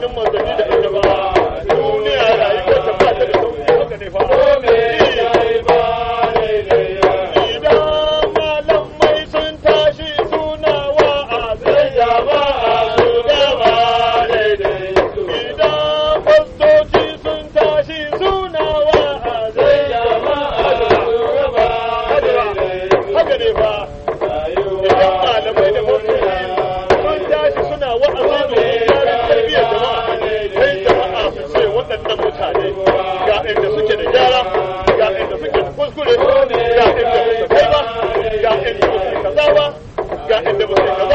zamanin manzanni da annabawa duniya rayuwar ta ba ta da sauki haka ne fa malamai da wasu mutane ga inda suke da gyara ga inda suke da kuskure ga inda ba kai ba ga inda ba kaza ba ga inda kaza